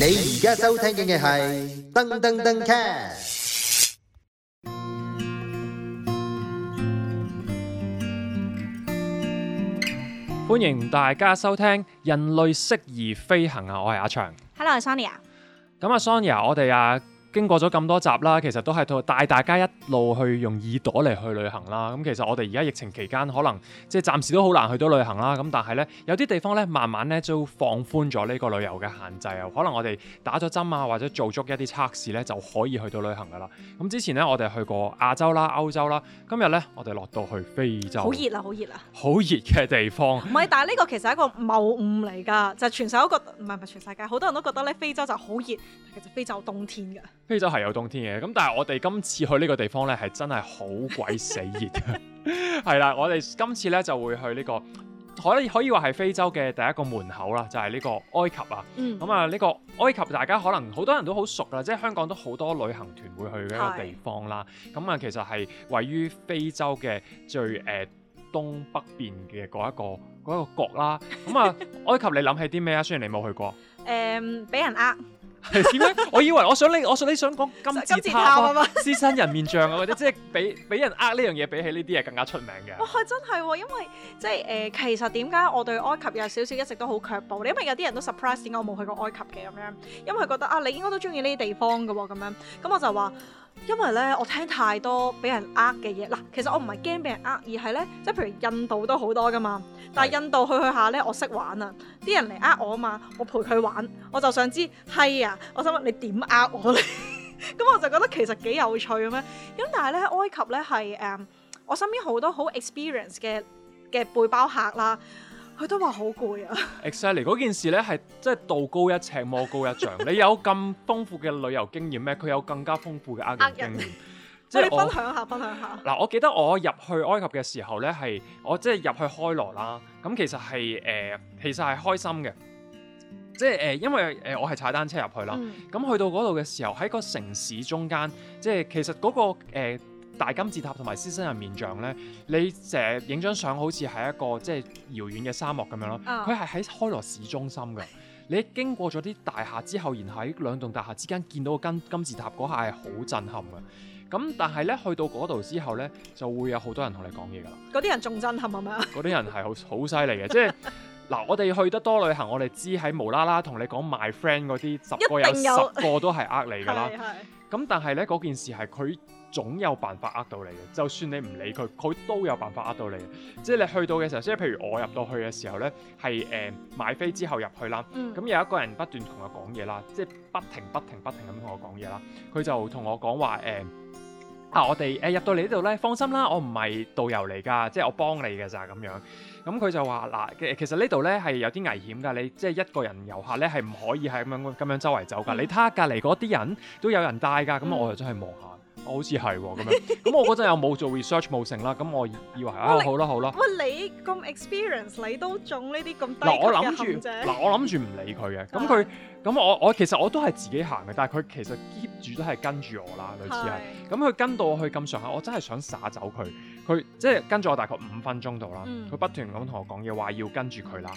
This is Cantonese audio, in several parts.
你而家收聽嘅係登登登 Cast，歡迎大家收聽人類適宜飛行啊！我係阿祥，Hello，我係 Sonia。咁啊，Sonia，我哋啊。經過咗咁多集啦，其實都係帶大家一路去用耳朵嚟去旅行啦。咁其實我哋而家疫情期間可能即係暫時都好難去到旅行啦。咁但係咧，有啲地方咧慢慢咧都放寬咗呢個旅遊嘅限制啊。可能我哋打咗針啊，或者做足一啲測試咧，就可以去到旅行噶啦。咁之前咧，我哋去過亞洲啦、歐洲啦，今日咧，我哋落到去非洲。好熱啊！好熱啊！好熱嘅地方。唔係，但係呢個其實係一個謬誤嚟㗎，就全世界唔係，唔係全世界，好多人都覺得咧非洲就好熱，其實非洲有冬天㗎。非洲係有冬天嘅，咁但係我哋今次去呢個地方咧，係真係好鬼死熱嘅。係啦， 我哋今次咧就會去呢、這個，可以可以話係非洲嘅第一個門口啦，就係、是、呢個埃及啊。嗯。咁啊，呢個埃及大家可能好多人都好熟噶啦，即係香港都好多旅行團會去嘅一個地方啦。咁啊是，其實係位於非洲嘅最誒、呃、東北邊嘅嗰、那個、一個嗰一個角啦。咁啊，埃及你諗起啲咩啊？雖然你冇去過。誒、嗯，俾人呃。係點 樣？我以為我想你，我想你想講金字塔啊！獅身嗎 人面像，或者即係俾俾人呃呢樣嘢，比起呢啲嘢更加出名嘅。哇！真係喎、哦，因為即係誒、呃，其實點解我對埃及有少少一直都好卻步？因為有啲人都 surprise 點解我冇去過埃及嘅咁樣，因為覺得啊，你應該都中意呢啲地方嘅喎咁樣。咁我就話。因為咧，我聽太多俾人呃嘅嘢。嗱，其實我唔係驚俾人呃，而係咧，即係譬如印度都好多噶嘛。但係印度去去下咧，我識玩啊，啲人嚟呃我啊嘛，我陪佢玩，我就想知係啊，我想問你點呃我咧？咁、 嗯、我就覺得其實幾有趣咁樣。咁但係咧，埃及咧係誒，um, 我身邊好多好 experience 嘅嘅背包客啦。佢都話好攰啊！Exactly，嗰件事咧係即係道高一尺魔高一丈。 你有咁豐富嘅旅遊經驗咩？佢有更加豐富嘅呃經驗。人即係是 分享下，我分享下。嗱，我記得我入去埃及嘅時候咧，係我即係入去開羅啦。咁其實係、呃、其實係開心嘅，即係誒、呃、因為誒我係踩單車入去啦。咁、嗯、去到嗰度嘅時候，喺個城市中間，即係其實嗰、嗰個、呃大金字塔同埋獅身人面像咧，你成日影張相，好似係一個即係遙遠嘅沙漠咁樣咯。佢係喺開羅市中心嘅，你經過咗啲大廈之後，然後喺兩棟大廈之間見到個金金字塔嗰下係好震撼嘅。咁但係咧，去到嗰度之後咧，就會有好多人同你講嘢噶啦。嗰啲人仲震撼吖嘛？嗰啲人係好好犀利嘅， 即係嗱，我哋去得多旅行，我哋知喺無啦啦同你講 My friend 嗰啲，十個有十個都係呃你㗎啦。咁定但係咧嗰件事係佢。總有辦法呃到你嘅，就算你唔理佢，佢都有辦法呃到你嘅。即係你去到嘅時候，即係譬如我入到去嘅時候咧，係誒買飛之後入去啦。咁、嗯、有一個人不斷同我講嘢啦，即係不停不停不停咁同我講嘢啦。佢就同我講話誒啊，我哋誒入到嚟呢度咧，放心啦，我唔係導遊嚟㗎，即係我幫你㗎咋咁樣。咁佢就話嗱，其實呢度咧係有啲危險㗎。你即係一個人遊客咧係唔可以係咁樣咁樣周圍走㗎。嗯、你睇下隔離嗰啲人都有人帶㗎，咁、嗯、我就真係望下。我好似係喎咁樣，咁、嗯、我嗰陣又冇做 research 冇成啦， 咁我以為啊好啦好啦。哎、哇，哇，哇你咁 experience，哇你都中呢啲咁低級嘅陷阱啫。嗱我諗住，嗱我諗住唔理佢嘅。咁佢，咁 我我其實我都係自己行嘅，但係佢其實 keep 住都係跟住我啦，類似係。咁佢是跟到我去咁上下，我真係想耍走佢。佢即係跟住我大概五分鐘度啦，佢、嗯、不斷咁同我講嘢，話要跟住佢啦。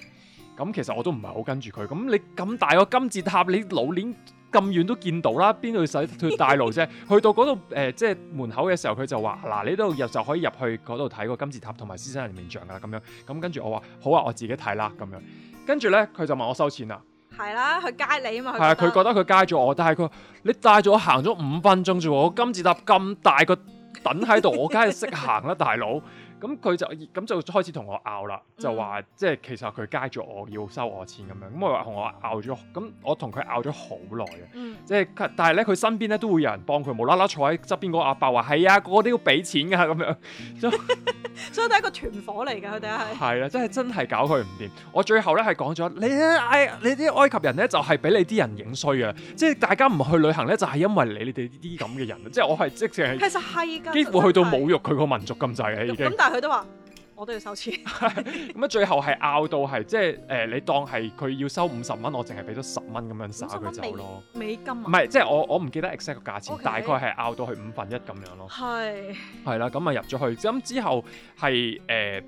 咁其實我都唔係好跟住佢。咁你咁大個金字塔，你老年。咁遠都見到啦，邊度使佢帶路啫？去到嗰度誒，即係門口嘅時候，佢就話：嗱， 你呢度入就可以入去嗰度睇個金字塔同埋獅身人面像噶啦，咁樣咁跟住我話好啊，我自己睇啦，咁樣跟住咧，佢就問我收錢啊，係啦，去街你啊嘛，係啊，佢覺得佢街咗我，但係佢 你帶咗我行咗五分鐘啫喎，金字塔咁大個等喺度，我梗係識行啦，大佬。 咁佢就咁就開始同我拗啦，就話即係其實佢蝦住我要收我錢咁樣，咁我話同我拗咗，咁我同佢拗咗好耐嘅，即係但係咧佢身邊咧都會有人幫佢，無啦啦坐喺側邊嗰個阿伯話係啊，個個都要俾錢㗎咁樣。所以都係一個團伙嚟㗎，佢哋係。係啦，即係真係搞佢唔掂。我最後咧係講咗，你啲埃、哎，你啲埃及人咧就係、是、俾你啲人影衰啊！即係大家唔去旅行咧，就係、是、因為你你哋啲咁嘅人。 即係我係即係係其實係噶，幾乎去到侮辱佢個是民族咁滯啊！已經咁，但係佢都話。我都要收錢，咁啊最後係拗到係即係誒、呃，你當係佢要收五十蚊，我淨係俾咗十蚊咁樣耍佢走咯，美金啊，唔係即係我我唔記得 exact 個價錢，Okay. 大概係拗到去五分一咁樣咯，係係啦，咁啊入咗去，咁之後係誒。呃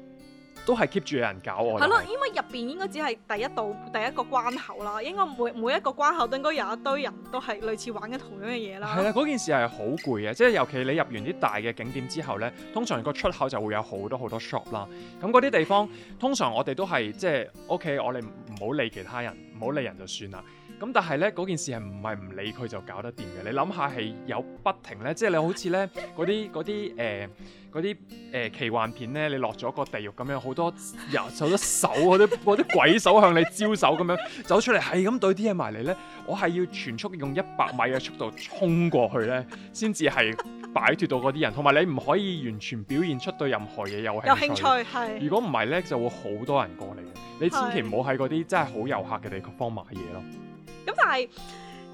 都係 keep 住有人搞我。係咯，因為入邊應該只係第一道第一個關口啦，應該每每一個關口都應該有一堆人都係類似玩緊同樣嘅嘢啦。係啦，嗰件事係好攰嘅，即係尤其你入完啲大嘅景點之後呢，通常個出口就會有好多好多 shop 啦。咁嗰啲地方通常我哋都係即係 OK，我哋唔好理其他人，唔好理人就算啦。咁但係咧，嗰件事係唔係唔理佢就搞得掂嘅？你諗下係有不停咧，即係你好似咧嗰啲啲誒啲誒奇幻片咧，你落咗個地獄咁樣，好多有，有手，手啲啲鬼手向你招手咁樣走出嚟，係咁對啲嘢埋嚟咧，我係要全速用一百米嘅速度衝過去咧，先至係擺脱到嗰啲人，同埋你唔可以完全表現出對任何嘢有有興趣。如果唔係咧，就會好多人過嚟嘅。你千祈唔好喺嗰啲真係好遊客嘅地方買嘢咯。咁但係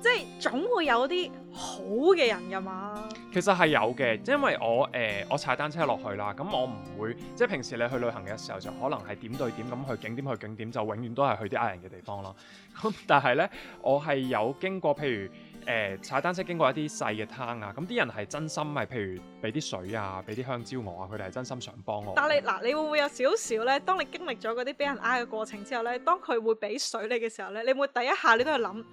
即係總會有啲好嘅人㗎嘛，其實係有嘅，即因為我誒、呃、我踩單車落去啦，咁我唔會即係平時你去旅行嘅時候就可能係點對點咁去景點去景點，去景點，就永遠都係去啲呃人嘅地方咯。咁 但係咧，我係有經過譬如。誒、欸、踩單車經過一啲細嘅灘啊，咁啲人係真心係，譬如俾啲水啊，俾啲香蕉我啊，佢哋係真心想幫我。但係嗱，你會唔會有少少咧？當你經歷咗嗰啲俾人呃嘅過程之後咧，當佢會俾水你嘅時候咧，你會第一下你都係諗。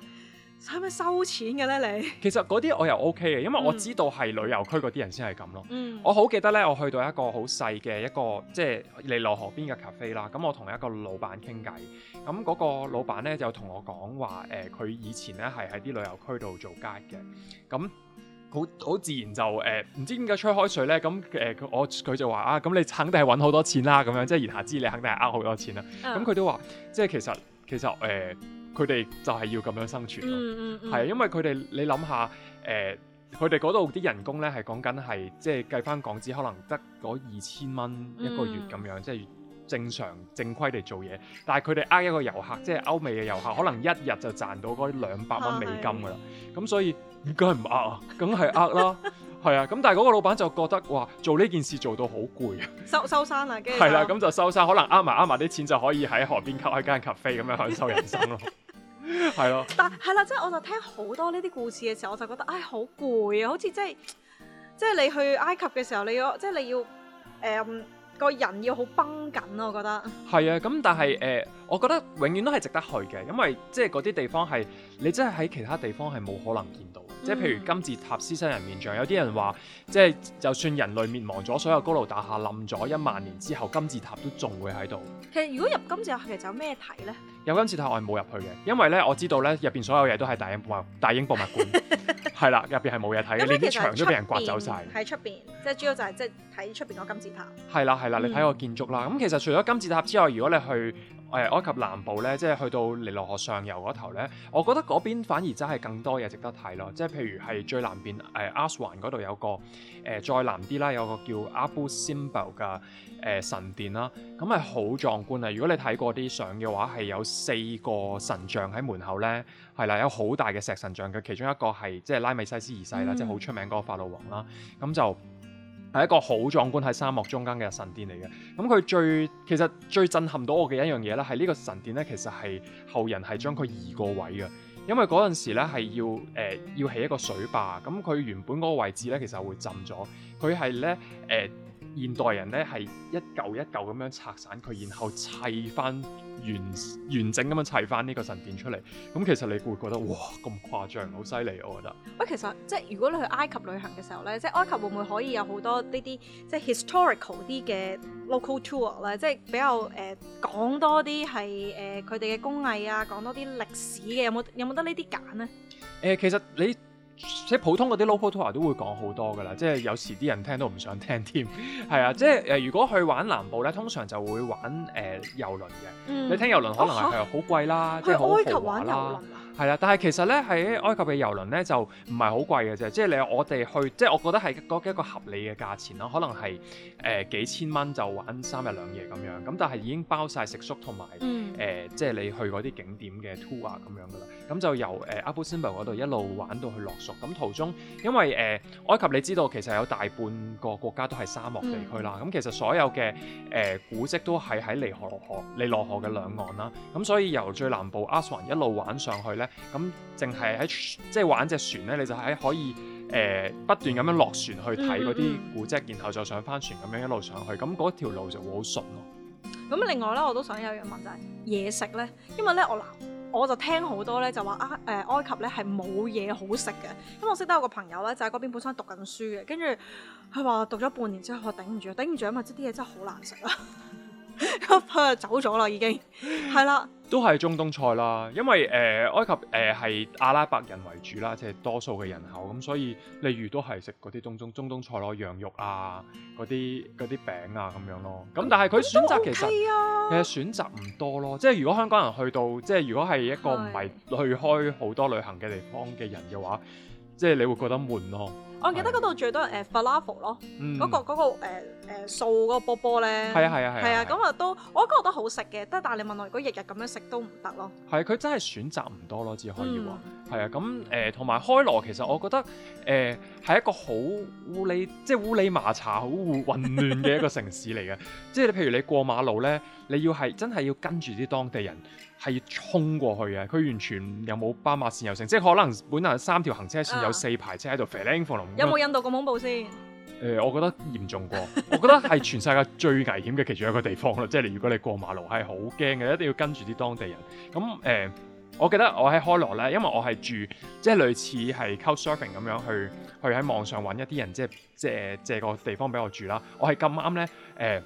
使乜收錢嘅咧？你其實嗰啲我又 OK 嘅，因為我知道係旅遊區嗰啲人先係咁咯。嗯、我好記得咧，我去到一個好細嘅一個即係尼羅河邊嘅 cafe 啦。咁我同一個老闆傾偈，咁嗰個老闆咧就同我講話誒，佢、呃、以前咧係喺啲旅遊區度做家嘅。咁好好自然就誒，唔、呃、知點解吹開水咧？咁誒，我、呃、佢就話啊，咁你肯定係揾好多錢啦、啊，咁樣即係言下之意你肯定係呃好多錢啦、啊。咁佢、嗯、都話，即係其實其實誒。呃佢哋就係要咁樣生存、嗯，係、嗯、因為佢哋你諗下，誒、呃，佢哋嗰度啲人工咧係講緊係即係計翻港紙，可能得嗰二千蚊一個月咁樣，即係、嗯、正常正規地做嘢。但係佢哋呃一個遊客，嗯、即係歐美嘅遊客，可能一日就賺到嗰兩百蚊美金㗎啦。咁、啊、所以唔該唔呃啊，梗係呃啦，係啊。 咁但係嗰個老闆就覺得嘩，做呢件事做到好攰，收收山啦，跟住係啦，咁就收山。可能呃埋呃埋啲錢就可以喺河邊開間咖啡咁樣享受人生咯。 係咯，是啊、但係係啦，即係、啊、我就聽好多呢啲故事嘅時候，我就覺得唉好攰啊，好似即係即係你去埃及嘅時候，你要即係、就是、你要誒、呃、個人要好繃緊咯，我覺得係啊，咁但係誒、呃，我覺得永遠都係值得去嘅，因為即係嗰啲地方係你真係喺其他地方係冇可能見到，即係、嗯、譬如金字塔、獅身人面像，有啲人話即係就算人類滅亡咗，所有高樓大廈冧咗，一萬年之後金字塔都仲會喺度。其實如果入金字塔，其實有咩睇咧？有金字塔我係冇入去嘅，因為咧我知道咧入邊所有嘢都係大英博物大英博物館，係啦， 入邊係冇嘢睇嘅，連啲牆都俾人刮走晒，喺出邊，即係主要就係即係睇出邊個金字塔。係啦係啦，你睇個建築啦。咁、嗯、其實除咗金字塔之外，如果你去誒埃、哎、及南部咧，即係去到尼羅河上游嗰頭咧，我覺得嗰邊反而真係更多嘢值得睇咯。即係譬如係最南邊誒、呃、阿斯環嗰度有個誒、呃、再南啲啦，有個叫阿布辛博嘅誒神殿啦，咁係好壯觀啊！如果你睇過啲相嘅話，係有四個神像喺門口咧，係啦，有好大嘅石神像嘅，其中一個係即係拉美西斯二世啦，嗯、即係好出名嗰個法老王啦，咁就。係一個好壯觀喺沙漠中間嘅神殿嚟嘅。咁、嗯、佢最其實最震撼到我嘅一樣嘢咧，係呢個神殿咧，其實係後人係將佢移過位嘅，因為嗰陣時咧係要誒、呃、要起一個水壩，咁、嗯、佢原本嗰個位置咧，其實會浸咗，佢係咧誒。呃現代人咧係一嚿一嚿咁樣拆散佢，然後砌翻完完整咁樣砌翻呢個神殿出嚟。咁其實你會覺得哇咁誇張，好犀利，我覺得。喂，其實即係如果你去埃及旅行嘅時候咧，即係埃及會唔會可以有好多呢啲即係 historical 啲嘅 local tour 咧？即係比較誒講多啲係誒佢哋嘅工藝啊，講多啲、呃、歷史嘅，有冇有冇得呢啲揀咧？誒、呃，其實你。即係普通嗰啲、no、local tour、er、都會講好多㗎啦，即係有時啲人聽都唔想聽添，係啊， 即係誒如果去玩南部咧，通常就會玩誒、呃、遊輪嘅，嗯、你聽遊輪可能係好、啊、貴啦，啊、即係好豪華啦。係啦，但係其實咧喺埃及嘅遊輪咧就唔係好貴嘅啫，即係你我哋去，即、就、係、是、我覺得係嗰一個合理嘅價錢啦，可能係誒、呃、幾千蚊就玩三日兩夜咁樣，咁但係已經包晒食宿同埋誒，即係、呃就是、你去嗰啲景點嘅 tour 咁樣噶啦，咁就由誒阿布辛貝嗰度一路玩到去樂蜀，咁途中因為誒、呃、埃及你知道其實有大半個國家都係沙漠地區啦，咁、嗯、其實所有嘅誒、呃、古跡都係喺尼羅河、尼羅河嘅兩岸啦，咁所以由最南部阿斯旺一路玩上去咧。咁淨係喺即係玩隻船咧，你就喺可以誒不斷咁樣落船去睇嗰啲古蹟，嗯嗯、然後再上翻船咁樣一路上去，咁嗰條路就會好順咯。咁、嗯嗯、另外咧，我都想有一樣問就係、是、嘢食咧，因為咧我嗱，我就聽好多咧就話啊，誒、呃、埃及咧係冇嘢好食嘅。咁我識得有個朋友咧，就喺、是、嗰邊本身讀緊書嘅，跟住佢話讀咗半年之後，我頂唔住，頂唔住，因為即啲嘢真係好難食啊。咁 佢就走咗啦，已經係啦。 都係中東菜啦，因為誒、呃、埃及誒係、呃、阿拉伯人為主啦，即係多數嘅人口咁、嗯，所以例如都係食嗰啲中中中東菜咯，羊肉啊嗰啲嗰啲餅啊咁樣咯，咁、嗯、但係佢選擇其實、嗯啊、其實選擇唔多咯，即係如果香港人去到，即係如果係一個唔係去開好多旅行嘅地方嘅人嘅話。的即係你會覺得悶咯。我記得嗰度是最多誒 falafel、呃、咯，嗰、嗯那個嗰、那個誒誒、呃呃、素個波波咧。係啊係啊係啊。咁啊，啊，啊都我都覺得都好食嘅。得但係你問我，如果日日咁樣食都唔得咯。係，佢真係選擇唔多咯，只可以話。係、嗯、啊，咁誒同埋開羅其實我覺得誒係、呃、一個好烏裏即係烏裏麻茶好混亂嘅一個城市嚟嘅。 即係你譬如你過馬路咧，你要係真係要跟住啲當地人係要衝過去嘅。佢完全又冇斑馬線又成，即係可能本來三條行車線，嗯，有四排車喺度，飛有冇印度咁恐怖先？誒、呃，我覺得嚴重過。 我覺得係全世界最危險嘅其中一個地方啦，即係你如果你過馬路係好驚嘅，一定要跟住啲當地人。咁誒、呃，我記得我喺開羅咧，因為我係住即係、就是、類似係 couchsurfing 咁樣去去喺網上揾一啲人，即係借借個地方俾我住啦。我係咁啱咧誒。呃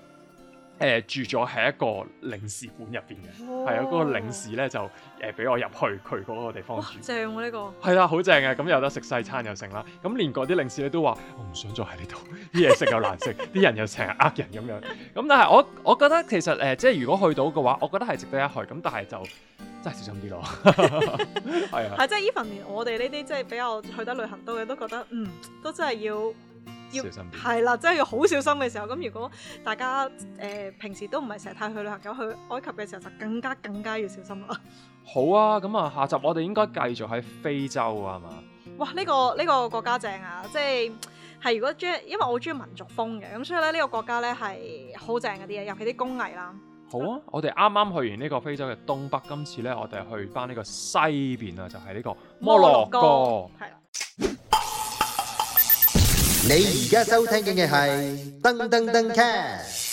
誒住咗喺一個領事館入邊嘅，係啊，嗰個領事咧就誒俾我入去佢嗰個地方住，正喎呢個。係啦，好正嘅，咁有得食西餐又成啦，咁連嗰啲領事咧都話我唔想再喺呢度，啲嘢食又難食，啲人又成日呃人咁樣。咁但係我我覺得其實誒，即係如果去到嘅話，我覺得係值得一去，咁但係就真係小心啲咯。係啊，係即係 even 連我哋呢啲即係比較去得旅行多嘅都覺得，嗯，都真係要。要係啦，即係要好小心嘅、就是、時候。咁如果大家誒、呃、平時都唔係成日去去旅行，咁去埃及嘅時候就更加更加要小心啦。好啊，咁啊下集我哋應該繼續喺非洲啊係嘛。哇，呢、這個呢、這個國家正啊，即係係如果即係因為我好中意民族風嘅，咁所以咧呢、這個國家咧係好正嗰啲嘢，尤其啲工藝啦。好啊，吧我哋啱啱去完呢個非洲嘅東北，今次咧我哋去翻呢個西邊啊，就係、是、呢個摩洛,洛哥。係。你而家收聽嘅係噔噔噔 cast。